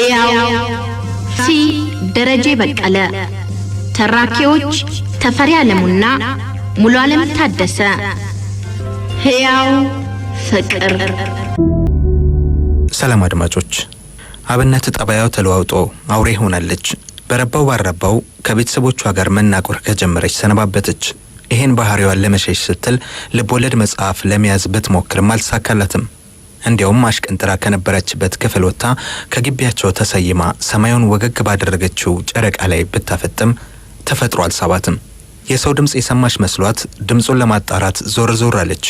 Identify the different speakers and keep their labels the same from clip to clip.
Speaker 1: ሕያው ሲ ደረጀ በቀለ፣ ተራኪዎች ተፈሪ አለሙና ሙሉ ዓለም ታደሰ። ሕያው ፍቅር። ሰላም አድማጮች፣ አብነት ጠባያው ተለዋውጦ አውሬ ሆናለች። በረባው ባረባው ከቤተሰቦቿ ጋር መናቆር ከጀመረች ሰነባበተች። ይህን ባህሪዋን ለመሸሽ ስትል ልብወለድ መጽሐፍ ለመያዝ ብትሞክርም አልተሳካላትም። እንዲያውም አሽቀንጥራ ከነበረችበት ክፍል ወጥታ ከግቢያቸው ተሰይማ ሰማዩን ወገግ ባደረገችው ጨረቃ ላይ ብታፈጥም ተፈጥሮ አልሳባትም። የሰው ድምፅ የሰማች መስሏት ድምፁን ለማጣራት ዞር ዞር አለች።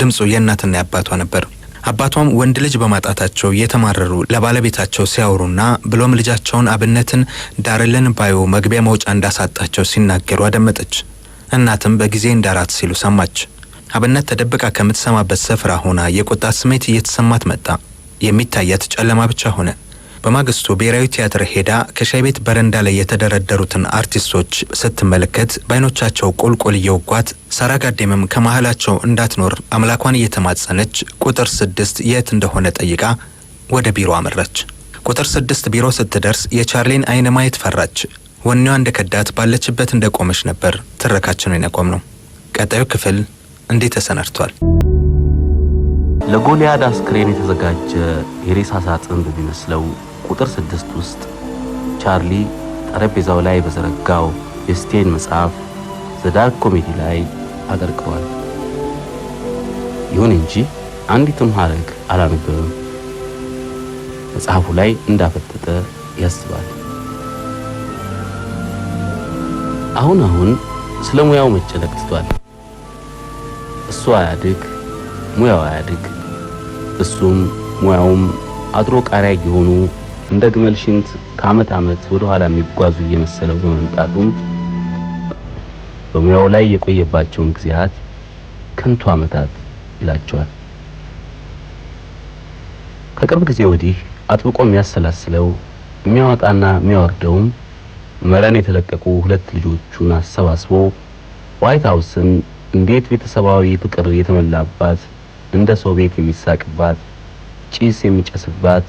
Speaker 1: ድምፁ የእናትና የአባቷ ነበር። አባቷም ወንድ ልጅ በማጣታቸው የተማረሩ ለባለቤታቸው ሲያወሩና ብሎም ልጃቸውን አብነትን ዳርልን ባዩ መግቢያ መውጫ እንዳሳጣቸው ሲናገሩ አደመጠች። እናትም በጊዜ እንዳራት ሲሉ ሰማች። አብነት ተደብቃ ከምትሰማበት ስፍራ ሆና የቁጣት ስሜት እየተሰማት መጣ። የሚታያት ጨለማ ብቻ ሆነ። በማግስቱ ብሔራዊ ቲያትር ሄዳ ከሻይ ቤት በረንዳ ላይ የተደረደሩትን አርቲስቶች ስትመለከት በአይኖቻቸው ቁልቁል እየወጓት ሳራ ጋዴምም ከመሃላቸው እንዳትኖር አምላኳን እየተማጸነች ቁጥር ስድስት የት እንደሆነ ጠይቃ ወደ ቢሮ አመራች። ቁጥር ስድስት ቢሮ ስትደርስ የቻርሊን አይን ማየት ፈራች። ወኔዋ እንደ ከዳት ባለችበት እንደቆመች ነበር ትረካችን የነቆም ነው። ቀጣዩ ክፍል እንዴት ተሰናድቷል?
Speaker 2: ለጎልያድ አስክሬን የተዘጋጀ የሬሳ ሳጥን በሚመስለው ቁጥር ስድስት ውስጥ ቻርሊ ጠረጴዛው ላይ በዘረጋው የስቴን መጽሐፍ ዘዳርክ ኮሜዲ ላይ አቀርቅሯል። ይሁን እንጂ አንዲትም ሐረግ አላነበብም። መጽሐፉ ላይ እንዳፈጠጠ ያስባል። አሁን አሁን ስለ ሙያው መጨነቅ ትቷል። እሱ አያድግ፣ ሙያው አያድግ፣ እሱም ሙያውም አድሮ ቃሪያ እየሆኑ እንደ ግመል ሽንት ከአመት አመት ወደ ኋላ የሚጓዙ እየመሰለው በመምጣቱም በሙያው ላይ የቆየባቸውን ጊዜያት ከንቱ አመታት ይላቸዋል። ከቅርብ ጊዜ ወዲህ አጥብቆ የሚያሰላስለው የሚያወጣና የሚያወርደውም መረን የተለቀቁ ሁለት ልጆቹን አሰባስቦ ዋይት ሀውስን እንዴት ቤተሰባዊ ፍቅር የተሞላባት እንደ ሰው ቤት የሚሳቅባት ጭስ የሚጨስባት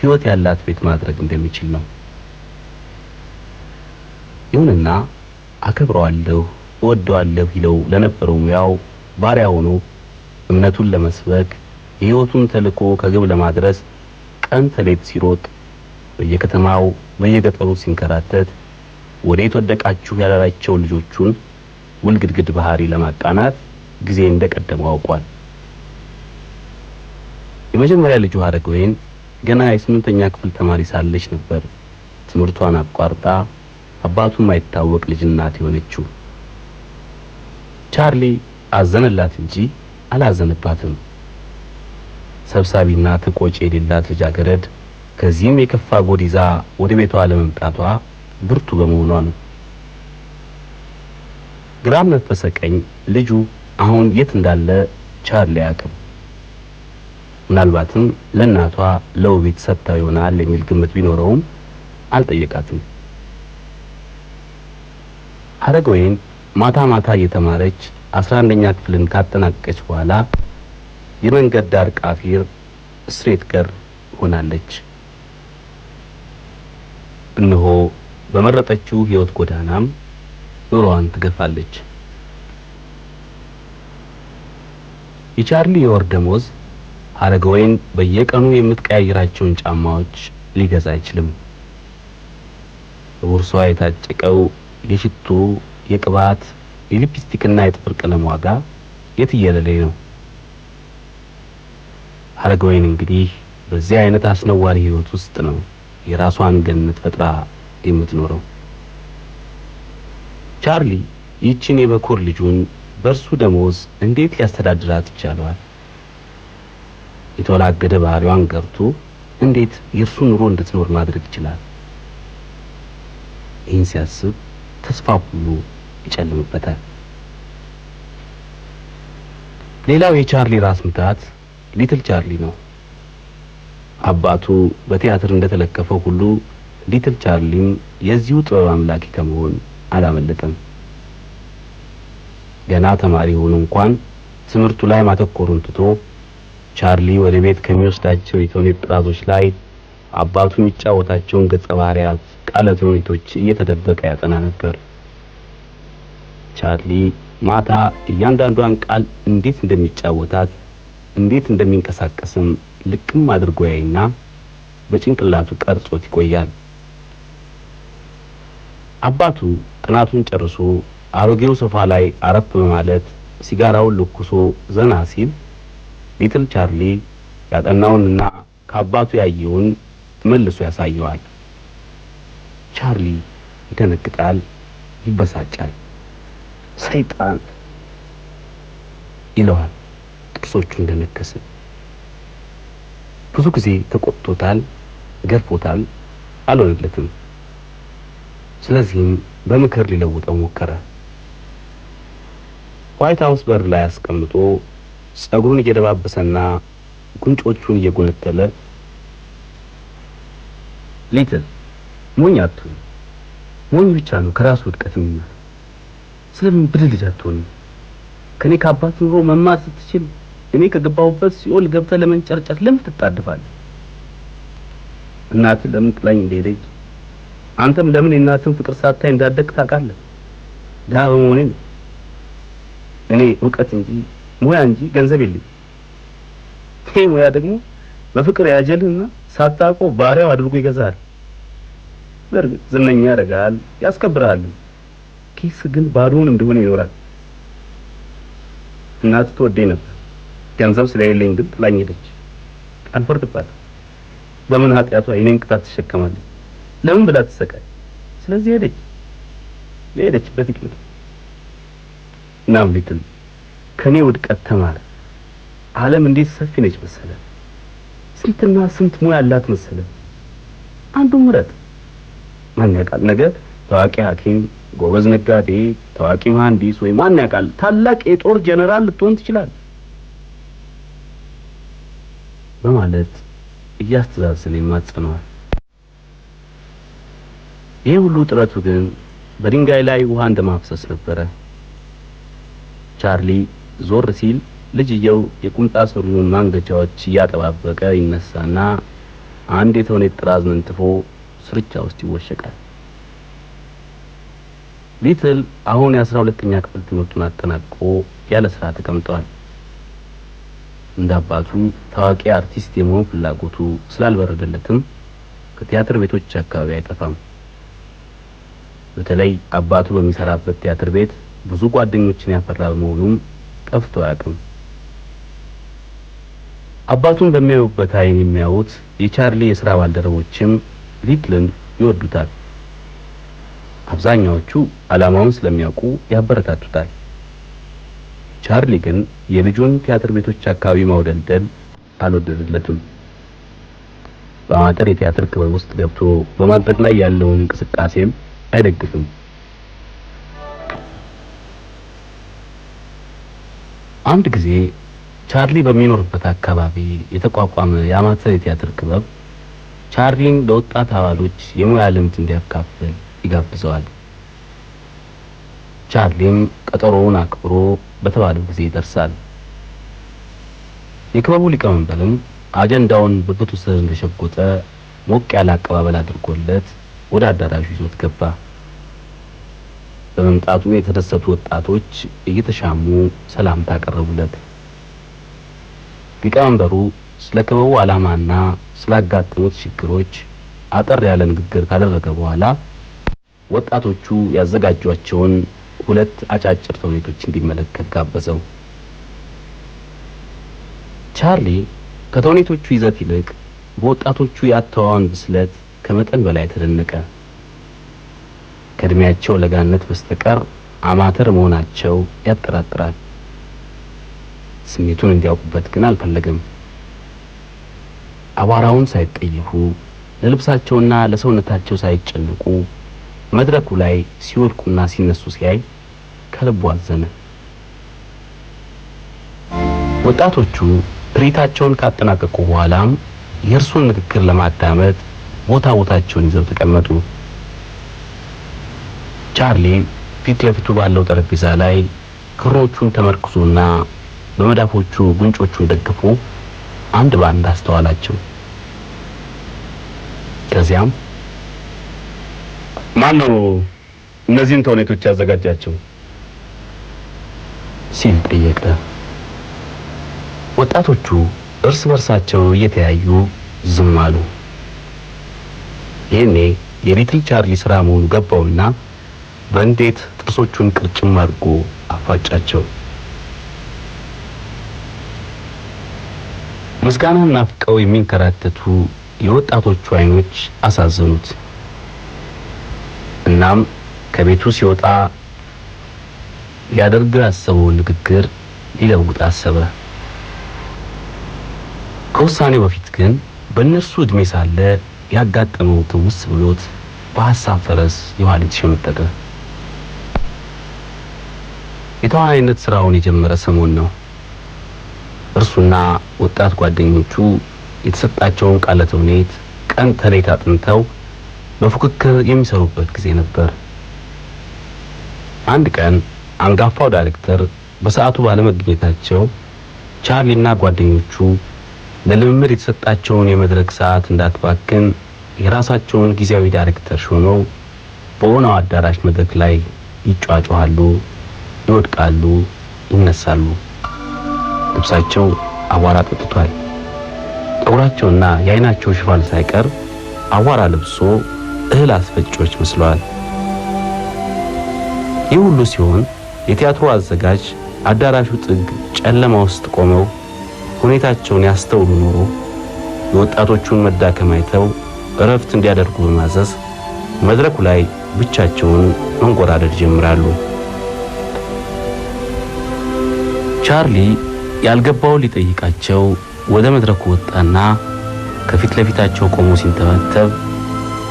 Speaker 2: ህይወት ያላት ቤት ማድረግ እንደሚችል ነው። ይሁንና አከብረዋለሁ፣ እወደዋለሁ ይለው ለነበረው ሙያው ባሪያ ሆኖ እምነቱን ለመስበክ ህይወቱን ተልዕኮ ከግብ ለማድረስ ቀን ተሌት ሲሮጥ በየከተማው በየገጠሩ ሲንከራተት ወዴት ወደቃችሁ ያላላቸው ልጆቹን ውንግድግድ ባህሪ ለማቃናት ጊዜ እንደቀደመው አውቋል። የመጀመሪያ ልጇ አረጋዊን ገና የስምንተኛ ክፍል ተማሪ ሳለች ነበር ትምህርቷን አቋርጣ አባቱም አይታወቅ ልጅ እናት የሆነችው። ቻርሊ አዘነላት እንጂ አላዘነባትም። ሰብሳቢና ተቆጪ የሌላት ልጃገረድ ከዚህም የከፋ ጎድ ይዛ ወደ ቤቷ ለመምጣቷ ብርቱ በመሆኗ ነው። ግራም መንፈሰ ቀኝ ልጁ አሁን የት እንዳለ ቻርሊ አያውቅም። ምናልባትም ለእናቷ ለውቤት ሰጥታው ይሆናል የሚል ግምት ቢኖረውም አልጠየቃትም። ሀረገወይን ማታ ማታ እየተማረች አስራ አንደኛ ክፍልን ካጠናቀቀች በኋላ የመንገድ ዳር ቃፊር ስትሬት ገር ሆናለች። እነሆ በመረጠችው ህይወት ጎዳናም ጆሮዋን ትገፋለች። የቻርሊ የወር ደሞዝ ሀረገወይን በየቀኑ የምትቀያይራቸውን ጫማዎች ሊገዛ አይችልም። በቦርሳዋ የታጨቀው የሽቱ፣ የቅባት፣ የሊፕስቲክና የጥፍር ቀለም ዋጋ የትየለሌ ነው። ሀረገወይን እንግዲህ በዚህ አይነት አስነዋሪ ህይወት ውስጥ ነው የራሷን ገነት ፈጥራ የምትኖረው። ቻርሊ ይችን የበኩር ልጁን በእርሱ ደሞዝ እንዴት ሊያስተዳድራት ይቻለዋል? የተወላገደ ባህሪዋን ገብቶ እንዴት የእርሱ ኑሮ እንድትኖር ማድረግ ይችላል? ይህን ሲያስብ ተስፋ ሁሉ ይጨልምበታል። ሌላው የቻርሊ ራስ ምታት ሊትል ቻርሊ ነው። አባቱ በቲያትር እንደተለከፈው ሁሉ ሊትል ቻርሊም የዚሁ ጥበብ አምላኪ ከመሆን አላመለጠም። ገና ተማሪ ሆኖ እንኳን ትምህርቱ ላይ ማተኮሩን ትቶ ቻርሊ ወደ ቤት ከሚወስዳቸው የተውኔት ጥራዞች ላይ አባቱ የሚጫወታቸውን ገጸ ባህሪያት ቃለ ተውኔቶች እየተደበቀ ያጠና ነበር። ቻርሊ ማታ እያንዳንዷን ቃል እንዴት እንደሚጫወታት እንዴት እንደሚንቀሳቀስም ልቅም አድርጎ ያይና በጭንቅላቱ ቀርጾት ይቆያል። አባቱ ጥናቱን ጨርሶ አሮጌው ሶፋ ላይ አረፍ በማለት ሲጋራውን ለኩሶ ዘና ሲል ሊትል ቻርሊ ያጠናውንና ከአባቱ ያየውን መልሶ ያሳየዋል። ቻርሊ ይደነግጣል፣ ይበሳጫል። ሰይጣን ይለዋል ጥርሶቹ እንደነከሰ። ብዙ ጊዜ ተቆጥቶታል፣ ገርፎታል፣ አልሆነለትም። ስለዚህም በምክር ሊለውጠው ሞከረ። ዋይት ሀውስ በር ላይ አስቀምጦ ጸጉሩን እየደባበሰና ጉንጮቹን እየጎነተለ ሊትል ሞኝ አትሁን፣ ሞኝ ብቻ ነው ከራሱ ውድቀት የሚማር። ስለምን ብድል ልጅ አትሆንም? ከኔ ከአባት ኑሮ መማር ስትችል እኔ ከገባሁበት ሲኦል ገብተህ ለመንጨርጨር ለምን ትጣድፋለህ? እናትህ ለምን ጥላኝ እንደሄደች አንተም ለምን የእናትን ፍቅር ሳታይ እንዳደግ ታውቃለህ? ድሀ በመሆኔ ነው። እኔ እውቀት እንጂ ሙያ እንጂ ገንዘብ የለኝም። ይሄ ሙያ ደግሞ በፍቅር ያጀልና ሳታውቀው ባሪያው አድርጎ ይገዛል። በእርግጥ ዝነኛ ያደርጋል፣ ያስከብራል። ኪስ ግን ባዶውን እንደሆነ ይኖራል። እናት ትወደኝ ነበር። ገንዘብ ስለሌለኝ ግን ጥላኝ ሄደች። አልፈርድባትም። በምን ኃጢአቷ የኔን ቅጣት ትሸከማለች? ለምን ብላ ተሰቃይ። ስለዚህ ሄደች። ለሄደችበት ምክንያት ናም ቢትል ከኔ ውድቀት ተማረ። ዓለም እንዴት ሰፊ ነች መሰለ። ስንትና ስንት ሙያ አላት መሰለ። አንዱ ምረጥ። ማን ያውቃል ነገ ታዋቂ ሐኪም፣ ጎበዝ ነጋዴ፣ ታዋቂ መሐንዲስ ወይ ማን ያውቃል ታላቅ የጦር ጀነራል ልትሆን ትችላል በማለት እያስተዛዘለ ይማጸነዋል። ይህ ሁሉ ጥረቱ ግን በድንጋይ ላይ ውሃ እንደማፍሰስ ነበረ። ቻርሊ ዞር ሲል ልጅየው የቁምጣ ሱሪውን ማንገቻዎች እያጠባበቀ ይነሳና አንድ የተውኔት ጥራዝ መንጥፎ ስርቻ ውስጥ ይወሸቃል። ሊትል አሁን የአስራ ሁለተኛ ክፍል ትምህርቱን አጠናቅቆ ያለ ስራ ተቀምጧል። እንደ አባቱ ታዋቂ አርቲስት የመሆን ፍላጎቱ ስላልበረደለትም ከቲያትር ቤቶች አካባቢ አይጠፋም። በተለይ አባቱ በሚሰራበት ቲያትር ቤት ብዙ ጓደኞችን ያፈራ በመሆኑም ጠፍቶ አያውቅም። አባቱን በሚያዩበት አይን የሚያዩት የቻርሊ የሥራ ባልደረቦችም ሊትልን ይወዱታል። አብዛኛዎቹ ዓላማውን ስለሚያውቁ ያበረታቱታል። ቻርሊ ግን የልጁን ቲያትር ቤቶች አካባቢ ማውደልደል አልወደደለትም። በአማተር የቲያትር ክበብ ውስጥ ገብቶ በማድረግ ላይ ያለውን እንቅስቃሴም አይደግፍም። አንድ ጊዜ ቻርሊ በሚኖርበት አካባቢ የተቋቋመ የአማተር የቲያትር ክበብ ቻርሊን ለወጣት አባሎች የሙያ ልምድ እንዲያካፍል ይጋብዘዋል። ቻርሊም ቀጠሮውን አክብሮ በተባለው ጊዜ ይደርሳል። የክበቡ ሊቀመንበርም አጀንዳውን ብብቱ ስር እንደሸጎጠ ሞቅ ያለ አቀባበል አድርጎለት ወደ አዳራሹ ይዞት ገባ። በመምጣቱ የተደሰቱ ወጣቶች እየተሻሙ ሰላምታ አቀረቡለት። ሊቀመንበሩ ስለ ክበቡ ዓላማና ስላጋጠሙት ችግሮች አጠር ያለ ንግግር ካደረገ በኋላ ወጣቶቹ ያዘጋጇቸውን ሁለት አጫጭር ተውኔቶች እንዲመለከት ጋበዘው። ቻርሊ ከተውኔቶቹ ይዘት ይልቅ በወጣቶቹ የአተዋወን ብስለት ከመጠን በላይ ተደነቀ። ከእድሜያቸው ለጋነት በስተቀር አማተር መሆናቸው ያጠራጥራል። ስሜቱን እንዲያውቁበት ግን አልፈለገም። አቧራውን ሳይጠይፉ ለልብሳቸውና ለሰውነታቸው ሳይጨንቁ መድረኩ ላይ ሲወድቁና ሲነሱ ሲያይ ከልቡ አዘነ። ወጣቶቹ ትርኢታቸውን ካጠናቀቁ በኋላም የእርሱን ንግግር ለማዳመጥ ቦታ ቦታቸውን ይዘው ተቀመጡ። ቻርሊ ፊት ለፊቱ ባለው ጠረጴዛ ላይ ክሮቹን ተመርክዞና በመዳፎቹ ጉንጮቹን ደግፎ አንድ ባንድ አስተዋላቸው። ከዚያም ማን ነው እነዚህን ተውኔቶች ያዘጋጃቸው ሲል ጠየቀ። ወጣቶቹ እርስ በርሳቸው እየተያዩ ዝም አሉ። ይህኔ የሊትል ቻርሊ ስራ መሆኑ ገባውና በእንዴት ጥርሶቹን ቅርጭም አድርጎ አፋጫቸው። ምስጋናን ናፍቀው የሚንከራተቱ የወጣቶቹ አይኖች አሳዘኑት። እናም ከቤቱ ሲወጣ ሊያደርግ ያሰበውን ንግግር ሊለውጥ አሰበ። ከውሳኔው በፊት ግን በእነርሱ እድሜ ሳለ ያጋጠመው ትውስ ብሎት በሀሳብ ፈረስ ዮሐንስ ሸመጠቀ። አይነት ስራውን የጀመረ ሰሞን ነው። እርሱና ወጣት ጓደኞቹ የተሰጣቸውን ቃለ ተውኔት ቀን ተሌት አጥንተው በፉክክር የሚሰሩበት ጊዜ ነበር። አንድ ቀን አንጋፋው ዳይሬክተር በሰዓቱ ባለመገኘታቸው ቻርሊና ጓደኞቹ ለልምምድ የተሰጣቸውን የመድረክ ሰዓት እንዳትባክን የራሳቸውን ጊዜያዊ ዳይሬክተር ሾመው በሆነው አዳራሽ መድረክ ላይ ይጫጫሃሉ ይወድቃሉ፣ ይነሳሉ። ልብሳቸው አቧራ ጠጥቷል። ጠጉራቸውና የዓይናቸው ሽፋን ሳይቀር አቧራ ለብሶ እህል አስፈጪዎች መስለዋል። ይህ ሁሉ ሲሆን የቲያትሩ አዘጋጅ አዳራሹ ጥግ ጨለማ ውስጥ ቆመው ሁኔታቸውን ያስተውሉ ኖሮ የወጣቶቹን መዳከም አይተው እረፍት እንዲያደርጉ በማዘዝ መድረኩ ላይ ብቻቸውን መንጎራደድ ጀምራሉ። ቻርሊ ያልገባውን ሊጠይቃቸው ወደ መድረኩ ወጣና ከፊት ለፊታቸው ቆሞ ሲንተባተብ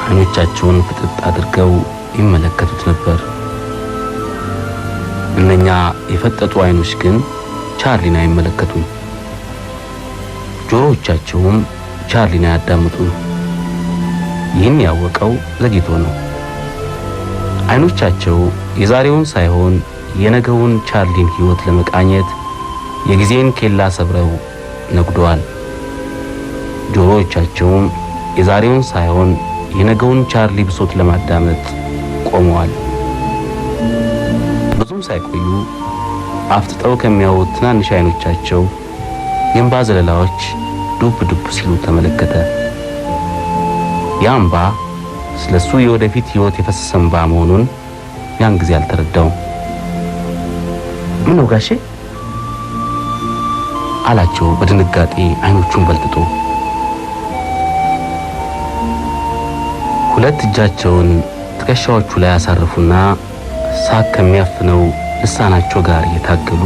Speaker 2: አይኖቻቸውን ፍጥጥ አድርገው ይመለከቱት ነበር። እነኛ የፈጠጡ አይኖች ግን ቻርሊን አይመለከቱም። ጆሮዎቻቸውም ቻርሊን አያዳምጡም። ይህን ያወቀው ዘግይቶ ነው። አይኖቻቸው የዛሬውን ሳይሆን የነገውን ቻርሊን ሕይወት ለመቃኘት የጊዜን ኬላ ሰብረው ነጉደዋል። ጆሮዎቻቸውም የዛሬውን ሳይሆን የነገውን ቻርሊ ብሶት ለማዳመጥ ቆመዋል። ብዙም ሳይቆዩ አፍጥጠው ከሚያዩት ትናንሽ አይኖቻቸው የእንባ ዘለላዎች ዱብ ዱብ ሲሉ ተመለከተ። ያ እንባ ስለ እሱ የወደፊት ሕይወት የፈሰሰ እንባ መሆኑን ያን ጊዜ አልተረዳውም። ምን ነው ጋሼ አላቸው በድንጋጤ አይኖቹን በልጥጦ። ሁለት እጃቸውን ትከሻዎቹ ላይ ያሳርፉና ሳቅ ከሚያፍነው ልሳናቸው ጋር እየታገሉ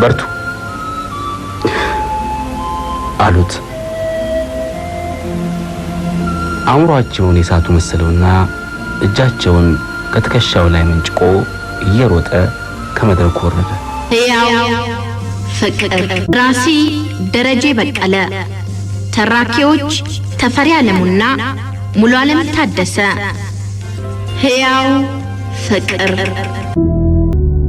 Speaker 2: በርቱ አሉት። አእምሯቸውን የሳቱ መሰለውና እጃቸውን ከትከሻው ላይ መንጭቆ እየሮጠ ከመድረኩ ወረደ።
Speaker 1: ፍቅር ደራሲ ደረጀ በቀለ፣ ተራኪዎች ተፈሪ አለሙና ሙሉ አለም ታደሰ። ሕያው ፍቅር